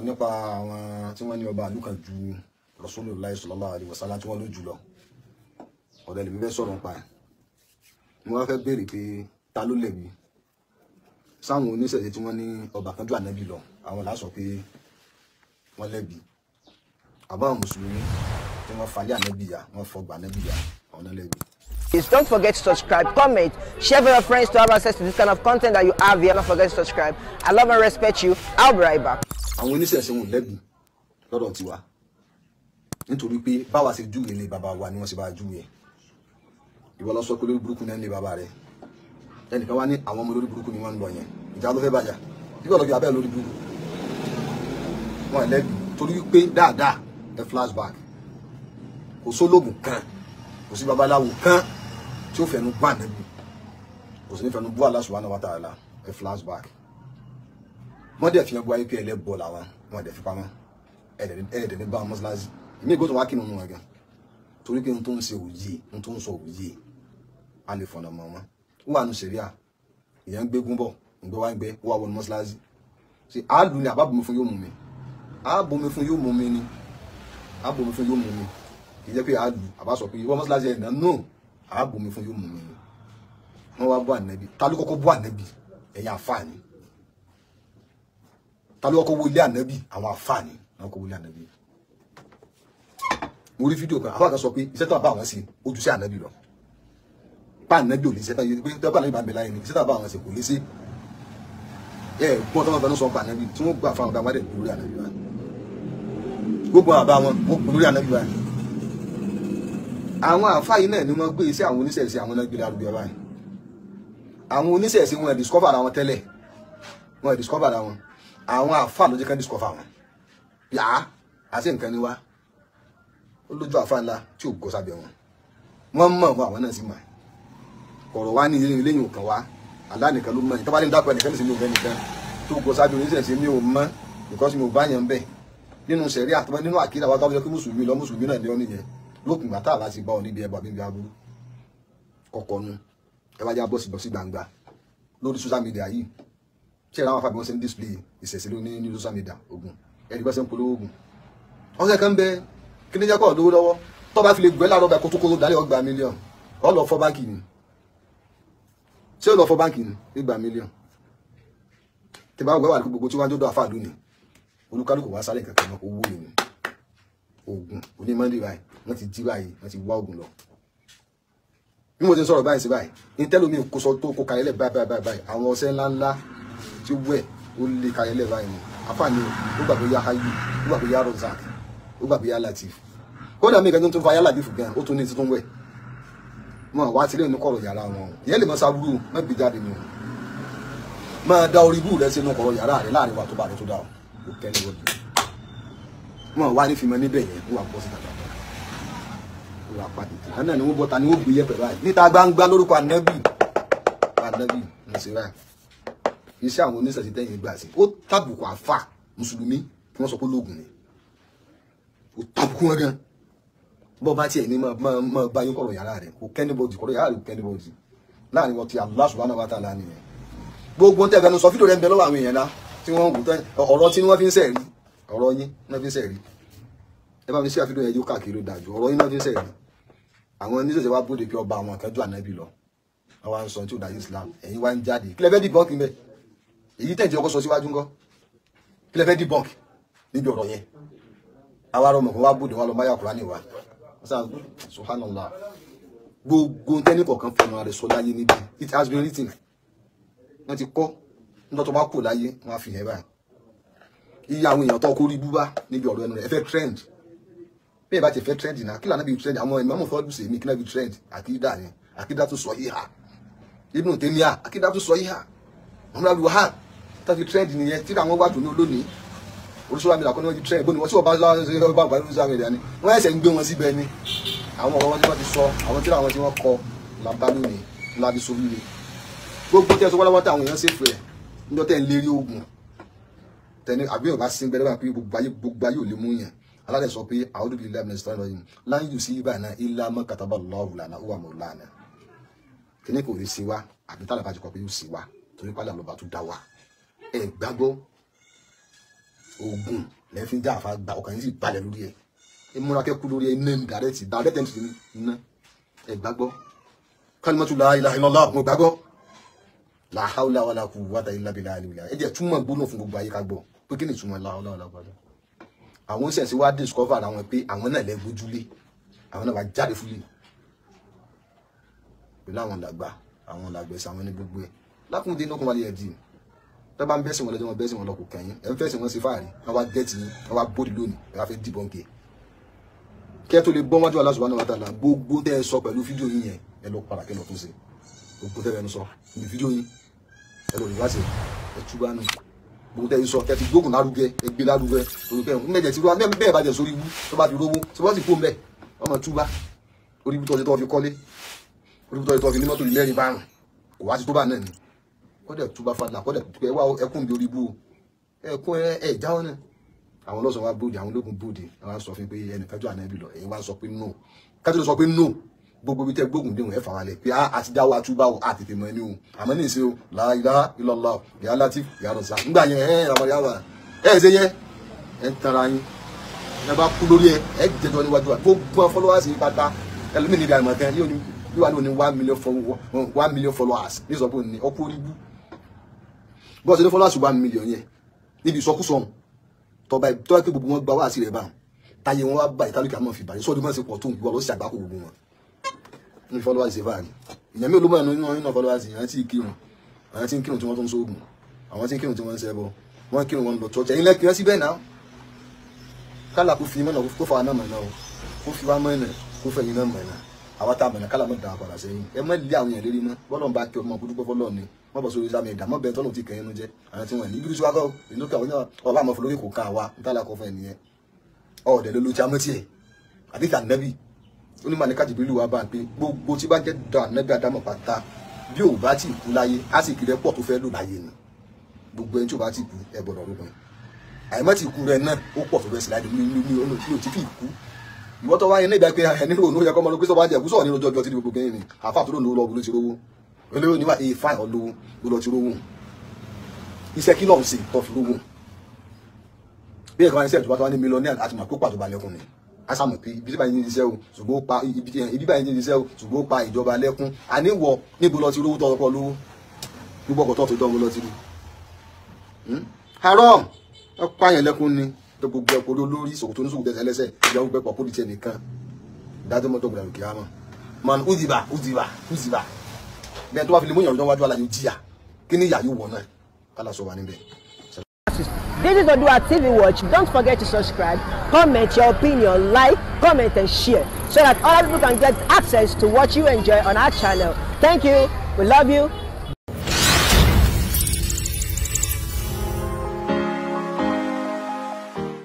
nípa àwọn tí wọ́n ní ọba àlùkà ju Rasulullahi sallallahu alaihi wasallam tí wọ́n ló jùlọ ọ̀dẹ̀ lèmi fẹ́ sọ̀rọ̀ nípa ẹ̀ mo wá fẹ́ béèrè pé ta ló lẹ̀bi sáwọn oníṣẹ̀ṣe tí wọ́n ní ọba kan ànábì lọ àwọn làásọ pé wọ́n lẹ̀bi àbáwọn mùsùlùmí tí wọ́n falẹ̀ ànábì yá wọ́n fọgbà ànábì yá àwọn lẹ̀bi. Please don't forget to subscribe, comment, share with your friends to have access to this kind of content that you have here. Don't forget to subscribe. I love and respect you. I'll be right back àwọn oníṣẹ̀ṣe wọn lẹ́bi lọ́dọ̀ tiwa nítorí pé báwa ṣe júwe lé bàbá wa ni wọ́n ṣe bá júwe ẹ̀ ìwọ lọ sọ pé lórí burúkú náà ń lé bàbá rẹ ẹnìkan wá ní àwọn ọmọ lórí burúkú ni wọ́n ń lọ yẹn ìjà ló fẹ́ bàjá nígbà tó fi abẹ́ lórí burúkú wọn lẹ́bi torí pé dáadáa ẹ flashback kò sólógùn kan kò sí babaláwo kan tí ó fẹnu gbà níbi kò sí ní fẹnu bú Allah subhanahu wa ta'ala ẹ flashback wọ́n dẹ̀ fi hàn gbọ́ ayé pé ẹlẹ́bọ̀ làwọn wọ́n dẹ̀ fi pamọ́ ẹ̀ẹ́dẹ̀ ní bá wọn mọ́ṣáláṣí èmi ìgbó tó wá kírun wọn gan torí pé n tó ń ṣe òye n tó ń sọ òye a lè fọ̀nà mọ́ wọn ó wà nù sẹ̀ríà ìyẹn ń gbégún bọ̀ ń gbé wá ń gbé ó wà wọnú mọ́ṣáláṣí ṣe á lù ní àbá bomi fún yóò mú mi á bomi fún yóò mú mi ni á bomi fún yóò mú mi kì í jẹ́ pé á lù àbá sọ pé ìwọ mọ́ṣáláṣí ẹ̀ náà náà á bomi fún yóò mú mi ni wọ́n wá bọ́ ànẹ́bí ta ló kọ́kọ́ wo ilé ànábì àwọn àfààní àwọn kọ́kọ́ wo ilé ànábì mo rí fídíò kan àwọn kan sọ pé iṣẹ́ tó bá àwọn ṣe ojú sí ànábì lọ bá ànábì ò lè ṣe tán pé tó bá ànábì bá ń bẹ láyé ni iṣẹ́ tó bá àwọn ṣe kò lè ṣe ẹ gbọ́n tó wọn fẹnu sọ pa ànábì tí wọ́n gbà fáwọn ọ̀gá wádẹ̀ lórí ànábì wa gbogbo àbá wọn wọ́n kú lórí ànábì wa àwọn àfáà náà ni wọ́n gbé iṣẹ́ àwọn oníṣẹ̀ṣe àwọn náà gbé lárugẹ báyìí àwọn oníṣẹ̀ṣe wọn discover ara wọn tẹ́lẹ̀ wọn discover ara wọn àwọn àfà ló jẹ́ kán discover wọn yà á àti nǹkan ni wá ó lójú àfà ńlá tí ò gọ́ sábẹ́ wọn wọ́n mọ̀ wọn àwọn náà sì mọ̀ ọ̀rọ̀ wa ní eléyìí òkan wa àlá nìkan ló mọ̀ ní tábàlẹ́ dákọ̀ ẹnìkan sì ní òfẹ́ nìkan tó gọ́ sábẹ́ oníṣẹ́ sí mi ò mọ̀ because mi ò bá yẹn bẹ́ẹ̀ nínú sẹ̀rí àtọ́ nínú àkídà wa tábàlẹ́ kí mùsùlùmí lọ mùsùlùmí náà ní ọ́ nìyẹn lópin ìgbà táà láti bá ọ níbi ẹbọ àbí aburú kọ̀ọ̀kan nu ẹ wá já bọ́sibọ́sí gbangba lórí social media yìí ṣé ìlànà àfàbí wọn ṣe ń display ìṣẹ̀ṣẹ̀ ló ní ní social media ogun ẹni bá ṣe ń polówó ogun ọ̀sẹ̀ kan bẹ kí ni jẹ́kọ̀ lówó lọ́wọ́ tó bá fi lè gbẹ́ láàárọ̀ bá kó tó kóró dálé ọgbà mílíọ̀n ọ lọ fọ báńkì ni ṣé ó lọ fọ báńkì ni ìgbà mílíọ̀n tí bá wẹ́wà gbogbo tí wọ́n jọ́dọ̀ àfàdù ni olúkálùkù wá sálẹ̀ kankan mọ́ owó ni ogun oní mọ́ndé báyìí wọ́n ti jí báyìí wọ́n ti wá ogun lọ bí mo ti sọ̀rọ̀ báyìí sí báyìí ní tẹ́lómi kò sọ tó kó kalẹ̀ báyìí báyìí báyìí àwọn ọṣẹ ńláńlá ṣé wẹ̀ ó lè káyọ̀ lẹ́ẹ̀ báyìí ni àfààní ó gbàgbé ya hayi ó gbàgbé ya rozak ó gbàgbé ya latif kódà mi ìkànnì tó ń fa yálà bí fùgàn ó tún ní títún wẹ̀ mọ wá tilẹ̀ ní kọ̀rọ̀ yàrá wọn ìyẹn lè mọ sábúrú mọ gbé jáde ni o máa da orí búrú rẹ sínú kọ̀rọ̀ yàrá rẹ láàrin wa tó bá rẹ tó dá o kò kẹ́lẹ́ wọ́n bí mọ wá ní fìmọ̀ níbẹ̀ yẹn wọ́n wà bọ́ síta dáadáa wọ́n wà pa tètè náà ni wọ́n bọ́ ta ni wọ́n gbé yẹ pẹ̀lú àyè níta gbangba lórúkọ ànábì ànábì mùsùlùmí kì í ṣe àwọn oníṣẹ̀ṣe tẹ́yìn gbà sí ó tàbùkù àfà mùsùlùmí tí wọ́n sọ pé lóògùn ni ó tàbùkù wọn gan bọ́ bá tiẹ̀ ní máa bá yín kọ̀rọ̀ yàrá rẹ̀ kò kẹ́nìbọ̀dì kọ̀rọ̀ yàrá rẹ̀ kò kẹ́nìbọ̀dì láàrin wọn ti Allah subhanahu wa ta'ala nìyẹn gbogbo tẹ́ fẹnu sọ fídíò rẹ̀ ń bẹ lọ́wọ́ àwọn èèyàn lá tí wọ́n wù tán ọ̀rọ̀ tí wọ́n fi ń sẹ̀rí ọ̀rọ̀ yín náà fi ń sẹ̀rí ẹ bá mi ṣe àfihàn yẹn yóò káàkiri dájú ọ̀rọ̀ yín náà fi ń sẹ̀rí àwọn oníṣẹ̀ṣẹ̀ wa bóde kí ọba àwọn kan jù ànábì lọ àwọn sọ tí ò dájú Islam ẹ̀yin wá ń jáde kílẹ̀ fẹ́ dìbọ́n kí n bẹ́ẹ̀ èyí tẹ̀jẹ̀ ọkọ̀ sọ síwájú ńkọ́ kí lẹ fẹ́ debunk níbi ọ̀rọ̀ yẹn àwa rọmọ fún wa bùdó wa lọ báyà kúránì wa subhanallah gbogbo tẹ́ni kọ̀ọ̀kan fẹnu rẹ̀ sọ láyé níbi it has been written wọ́n ti kọ́ nígbà tó bá kù láyé wọ́n á fi yẹn báyìí iye àwọn èèyàn tó kó rí búbá níbi ọ̀rọ̀ ẹnu rẹ̀ ẹ fẹ́ trend bí ẹ bá ti fẹ́ trend náà kí lànà bí trend àwọn ẹ̀mí ọmọ fọdún sèmi kí náà bí trend àkídà yẹn àkídà tó sọ yìí hà ibùdó tèmi à àkídà tó sọ yìí hà ọ̀nà àlùwà tó ti trend nìyẹn tí àwọn wà tó ní olónìí olùsọ́ra mi làkọ́ni wọ́n ti trend bó ni wọ́n tí wọ́n bá lọ́wọ́ bá gbàdúrà sọ́ra mi dání wọ́n ẹ̀sẹ̀ ń gbé wọn síbẹ̀ ni àwọn ọ̀rọ̀ wọn wọ́n ti sọ àwọn tí àwọn tí wọ́n kọ làbá lónìí làbí sórí gbogbo tẹ́ ẹ sọ wọ́n èèyàn tẹ́ ń lérí torí pàdánù lọ́ba tó dá wa ẹ̀ gbàgbọ́ oògùn lẹ́yìn fi ń dá àfa gba ọkàn yìí sì balẹ̀ lórí ẹ̀ ẹ múra kẹ́kú lórí ẹ iná ìdàrẹ́ ti dàrẹ́ tẹ̀ ní iná ẹ̀ gbàgbọ́ kalimatu la ilaha illallah mo gbàgbọ́ la hawla wala quwwata illa billah àlùyà ẹ jẹ́ túmọ̀ gbóná fún gbogbo ayé ká gbọ́ pé kí ni túmọ̀ la hawla wala quwwata àwọn sẹ̀nsì wá discover àwọn pé àwọn náà lẹ́ gbójúlé àwọn náà wá jáde fúlé pẹ̀lú àwọn làgbà àwọn làgbẹ̀sẹ̀ àwọn ní gbogbo ẹ̀ lákùn dé inúkun wálé ẹ̀dì tó bá ń bẹ́sìn wọn lọ́jọ́ wọn bẹ́sìn wọn lọ kò kẹ́yìn ẹ̀ ń fẹ́sìn wọn sí fáàrí wọn wá dẹ́tì yín wọn wá bóde lónìí ẹ̀ fẹ́ dìbọn kè kí ẹ tó lè bọ́ wájú Allah subhanahu wa ta'ala gbogbo tẹ́ ẹ sọ pẹ̀lú fídíò yín yẹn ẹ lọ padà kẹ́ lọ tún ṣe gbogbo tẹ́ ẹ nu sọ ní fídíò yín ẹ lọ rìvásì ẹ túbá nù gbogbo tẹ́ ẹ sọ kẹ́ ti gbógun lárugẹ ẹ gbé lárugẹ torí pé ń mẹ́jẹ̀ tí wọ́n bẹ́ẹ̀ bá jẹ kọ́dẹ̀ túbá fadà kọ́dẹ̀ pẹ́ wá ẹkún bí orí bú ẹkún ẹ jáwọ́ náà àwọn ọlọ́sàn wa bóde àwọn ológun bóde wọn sọ fún pé ẹnìkan jọ ànábì lọ ẹ̀yin wa sọ pé no kájọ sọ pé no gbogbo bí tẹ gbógun dé wọn ẹ fà wálẹ̀ pé àti dáwọ àtúbà wọ àtètè mọ ẹni o àmọ́ ní ìṣe o la ilaha illallah ya latif ya razzaq nígbà yẹn ẹ ràn wọlé àwọn ẹ ẹ ṣe yẹ ẹ ń tara yín ẹ bá kú lórí ẹ ẹ jẹjọ níwájú wa gbogbo followers yìí pátá ẹlòmínì ìdí àmọ̀tán yóò ní one million followers ní sọ pé ó ní ọkọ̀ orí bú bó ṣe ní followers one million yẹn níbi ìsọkúsọ ọ̀hún tọ́ba tọ́ba pé gbogbo wọn gba wáàsí rẹ̀ bá wọn táyé wọn wá bá ìtàlùkì àmọ́ fi bàjẹ́ sọ́ọ́ ni wọ́n ṣe pọ̀ tó ìwà ló ṣe àgbákò gbogbo wọn ní followers ṣe fáàrí ìyẹn mi ò ló mọ̀ nínú nínú followers ìyẹn tí kírun àwọn tí ń kírun tí wọ́n tó ń sóògùn àwọn tí ń kírun tí wọ́n ń ṣẹbọ wọ́n kírun wọn lọ tọ́jà ilẹ̀ kí wọ́n síbẹ̀ náà kálà kó fi mọ́nà kó fa náà mọ̀ náà kó fi wá mọ́nà kó fẹ̀yìn náà mọ̀ náà àwa tá a mọ̀nà kálá mọ̀ dà padà sẹ́yìn ẹ mọ̀ lé àwọn yẹn lérí mọ́ bọ́lọ̀ ń bá kí ọmọ kúdúgbọ́ fọlọ́ ni wọ́n bọ̀ sórí sami ẹ̀dá mọ́ bẹ́ẹ̀ tọ́nà ti kẹ́yìn nu jẹ́ àwọn tí wọ́n ní ibiri suwakọ́ ìlókè àwọn yàrá ọba àmọ́ fọlọ́kì kò ká wa níta la kọ́ fún ẹnìyẹn ọ̀ọ́dẹ̀ ló lójú amọ́ tiẹ̀ àdìkà nẹ́bì onímọ̀ ní kájìbí lù wá bá ń pé gbogbo tí bá jẹ́ da nẹ́bì àdámọ̀ pátá bí ò bá ti kú láyé á sì kiri pọ̀ tó fẹ́ lò láyé nù gbogbo ẹni tí ò bá ti kú ẹ gbọ́dọ̀ rúbọn àyẹ̀mọ́ ti kú rẹ náà ó pọ̀ tó bẹ́ẹ̀ sí láyé ìwọ́n tó wáyé ní ìgbà pé ẹni rònú yẹ kọ́ ọmọ lókè sọ́wọ́ àjẹkù sọ̀rọ̀ nínú jọjọ tí ní gbogbo kẹ́yìn ni àfa àtúrò ní olówó ló ti rówó olówó ní wà é fáì olówó ló lọ ti rówó iṣẹ́ kí lọ́ọ̀ ń ṣe tó fi rówó bí ẹ̀ka wá ní sẹ́ẹ̀ tó bá tó wá ní mílíọ̀nù àti màkó pàtó balẹ̀ ọkùnrin asámọ̀ pé ibi báyìí ní iṣẹ́ o ṣùgbọ́n ó pa ibi báyìí ní iṣẹ́ o ṣùgbọ́n ó pa ìjọba lẹ́kún àníwọ̀ níbo lọ ti rówó tọ́ ọkọ lówó gbogbo ọkọ̀ tó tó dánwó lọ ti rí hmm? haram ọ̀pá yẹn ni tó gbogbo ẹ̀kọ́ olórí ìṣòkò tó ní sòkò tẹsẹ̀ lẹ́sẹ̀ ìyàwó pẹpọ kó di tiẹ̀ nìkan dájọ mọtò gbọdọ kí á man uziba uziba uziba bẹ́ẹ̀ tó bá fi lè mú ìyàwó wájú aláyọ jìyà kí ni ìyà wọ náà kálá sọ wà níbẹ̀. This is Oodua TV Watch. Don't forget to subscribe, comment your opinion, like, comment and share so that other people can get access to what you enjoy on our channel. Thank you. We love you.